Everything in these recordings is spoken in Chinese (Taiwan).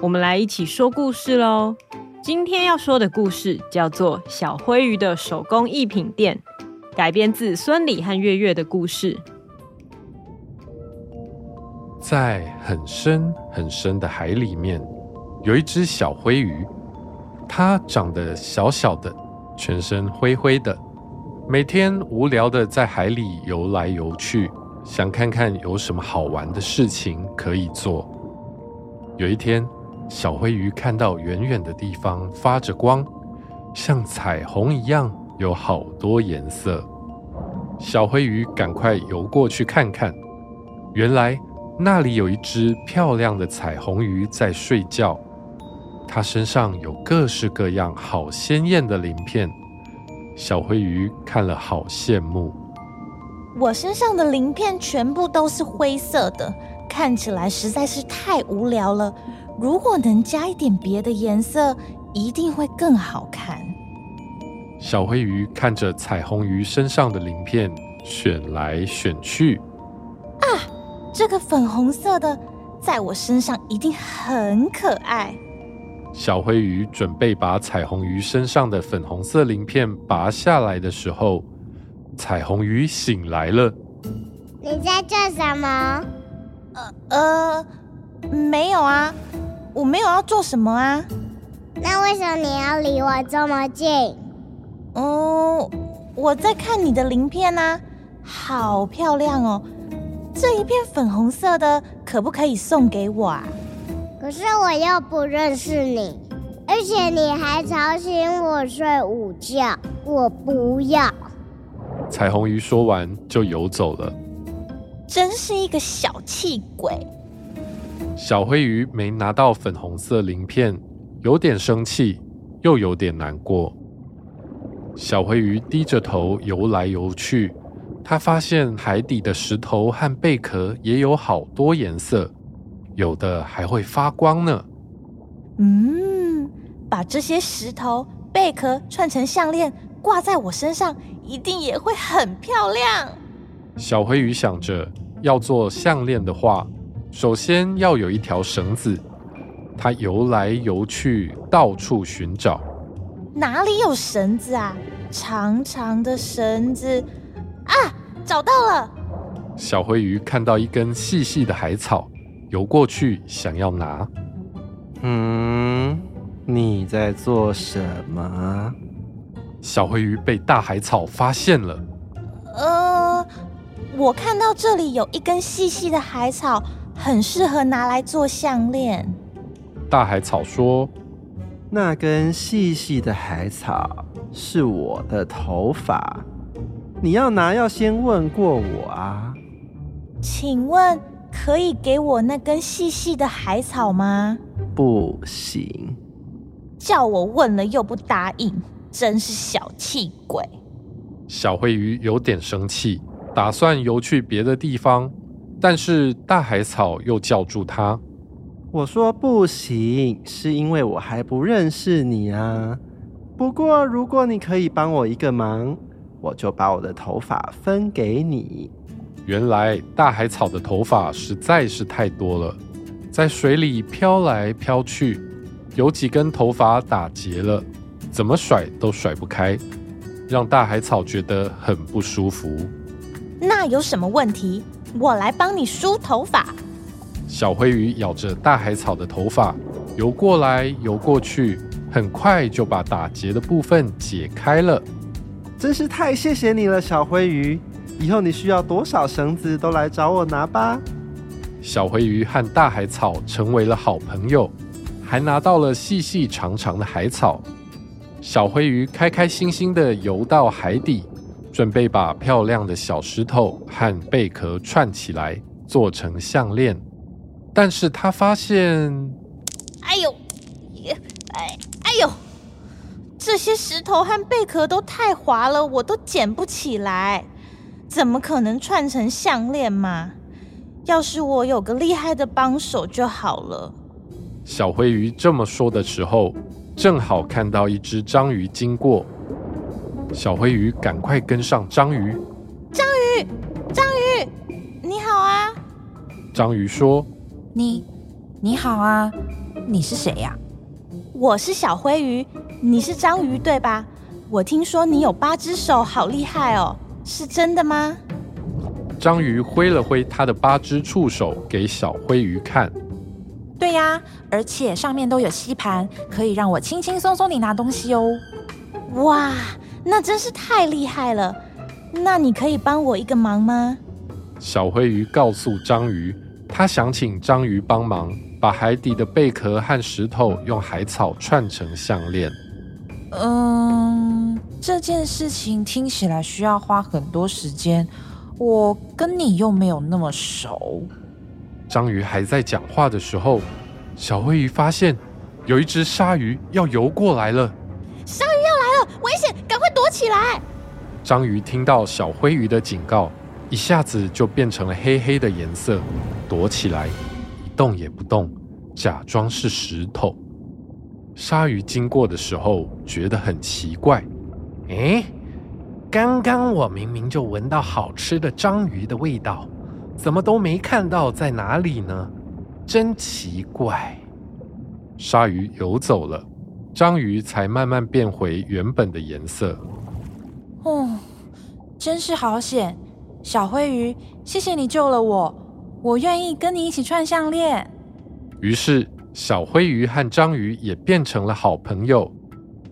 我們來一起說故事嘍！今天要說的故事叫做《小灰魚的手工藝品店》，改編自孫禮和悅悅的故事。在很深很深的海裡面，有一隻小灰魚，它長得小小的，全身灰灰的，每天無聊的在海裡游來游去，想看看有什麼好玩的事情可以做。有一天。小灰魚看到遠遠的地方發着光，像彩虹一樣，有好多顏色。小灰魚趕快游過去看看，原來那裡有一隻漂亮的彩虹魚在睡覺。它身上有各式各樣好鮮豔的鱗片。小灰魚看了好羨慕。我身上的鱗片全部都是灰色的，看起來實在是太無聊了。如果能加一點別的顏色，一定會更好看。小灰魚看着彩虹魚身上的鱗片，選來選去。啊，這個粉紅色的，在我身上一定很可愛。小灰魚準備把彩虹魚身上的粉紅色鱗片拔下來的時候，彩虹魚醒來了。你在做什麼？呃呃，沒有啊。我沒有要做什麼啊，那為什麼你要離我這麼近？哦、嗯，我在看你的鱗片啊。好漂亮哦！這一片粉紅色的，可不可以送給我啊？可是我又不認識你，而且你還吵醒我睡午覺，我不要。彩虹魚說完就游走了，真是一個小氣鬼。小灰魚沒拿到粉紅色鱗片，有點生氣，又有點難過。小灰魚低着頭游來游去，它發現海底的石頭和貝殼也有好多顏色，有的還會發光呢。嗯，把這些石頭、貝殼串成項鏈掛在我身上，一定也會很漂亮。小灰魚想着，要做項鏈的話，首先要有一條繩子，它游來游去，到處尋找。哪裡有繩子啊？長長的繩子啊！找到了。小灰魚看到一根細細的海草，游過去想要拿。嗯，你在做什麼？小灰魚被大海草發現了。呃，我看到這裡有一根細細的海草。很適合拿來做項鏈。大海草說：“那根細細的海草是我的頭髮，你要拿要先問過我啊。”“請問可以給我那根細細的海草嗎？”“不行。”“叫我問了又不答應，真是小氣鬼。”小灰魚有點生氣，打算游去別的地方。但是大海草又叫住他：“我說不行，是因為我還不認識你啊。不過如果你可以幫我一個忙，我就把我的頭髮分給你。”原來大海草的頭髮實在是太多了，在水裡飄來飄去，有幾根頭髮打結了，怎麼甩都甩不開，讓大海草覺得很不舒服。那有什麼問題？我來幫你梳頭髮。小灰魚咬着大海草的頭髮，游過來，游過去，很快就把打結的部分解開了。真是太謝謝你了，小灰魚！以後你需要多少繩子，都來找我拿吧。小灰魚和大海草成為了好朋友，還拿到了細細長長的海草。小灰魚開開心心地游到海底。準備把漂亮的小石頭和貝殼串起來做成項鏈，但是他發現，哎呦，哎，哎呦，這些石頭和貝殼都太滑了，我都撿不起來，怎麼可能串成項鏈嘛？要是我有個厲害的幫手就好了。小灰魚這麼說的時候，正好看到一隻章魚經過。小灰魚，趕快跟上章魚！章魚，章魚，你好啊！章魚說：“你，你好啊！你是誰呀？”“我是小灰魚，你是章魚對吧？”“我聽說你有八隻手，好厲害哦！是真的嗎？”章魚揮了揮它的八隻觸手給小灰魚看：“對呀，而且上面都有吸盤，可以讓我輕輕鬆鬆地拿東西哦。”“哇！”那真是太厲害了，那你可以幫我一個忙嗎？小灰魚告訴章魚，他想請章魚幫忙，把海底的貝殼和石頭用海草串成項鏈。嗯、呃，這件事情聽起來需要花很多時間，我跟你又沒有那麼熟。章魚還在講話的時候，小灰魚發現有一隻鯊魚要游過來了。趕快躲起來。章魚聽到小灰魚的警告，一下子就變成了黑黑的顏色，躲起來，一動也不動，假裝是石頭。鯊魚經過的時候覺得很奇怪，誒，剛剛我明明就聞到好吃的章魚的味道，怎麼都沒看到在哪裡呢？真奇怪。鯊魚游走了。章魚才慢慢變回原本的顏色。哦，真是好險！小灰魚，謝謝你救了我。我願意跟你一起串項鏈。於是，小灰魚和章魚也變成了好朋友。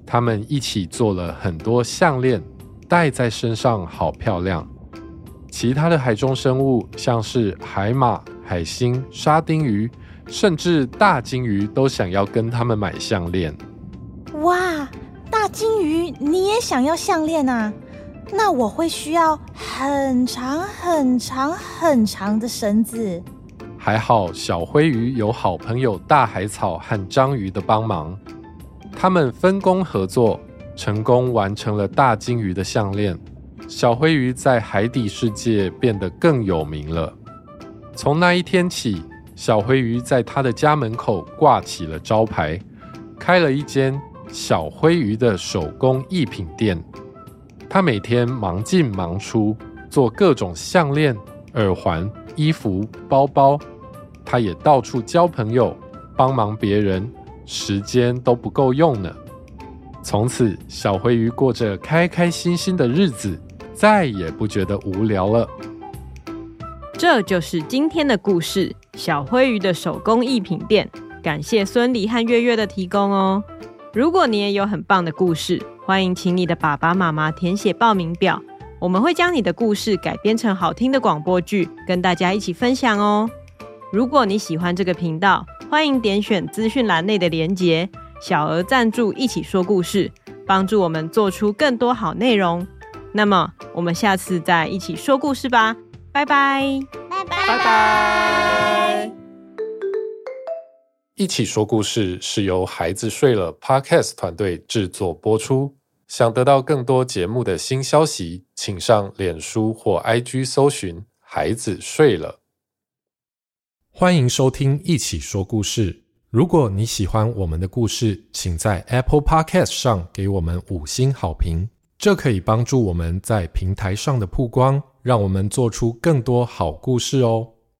他們一起做了很多項鏈，戴在身上好漂亮。其他的海中生物，像是海馬、海星、沙丁魚，甚至大鯨魚，都想要跟他們買項鏈。哇，大鯨魚，你也想要項鏈啊？那我會需要很長、很長、很長的繩子。還好，小灰魚有好朋友大海草和章魚的幫忙，他們分工合作，成功完成了大鯨魚的項鏈。小灰魚在海底世界變得更有名了。從那一天起，小灰魚在他的家門口掛起了招牌，開了一間。小灰魚的手工藝品店，他每天忙進忙出，做各種項鏈、耳環、衣服、包包。他也到處交朋友，幫忙別人，時間都不夠用呢。從此，小灰魚過着開開心心的日子，再也不覺得無聊了。這就是今天的故事：小灰魚的手工藝品店。感謝孫禮和悅悅的提供哦。如果你也有很棒的故事，歡迎請你的爸爸媽媽填寫報名表，我們會將你的故事改編成好聽的廣播劇，跟大家一起分享哦。如果你喜歡這個頻道，歡迎點選資訊欄內的連結，小額贊助一起說故事，幫助我們做出更多好內容。那麼，我們下次再一起說故事吧，拜拜，拜拜，拜拜。拜拜一起說故事是由孩子睡了 Podcast 團隊製作播出。想得到更多節目的新消息，請上臉書或 IG 搜尋“孩子睡了”。歡迎收聽一起說故事。如果你喜歡我們的故事，請在 Apple Podcast 上給我們五星好評，這可以幫助我們在平台上的曝光，讓我們做出更多好故事哦。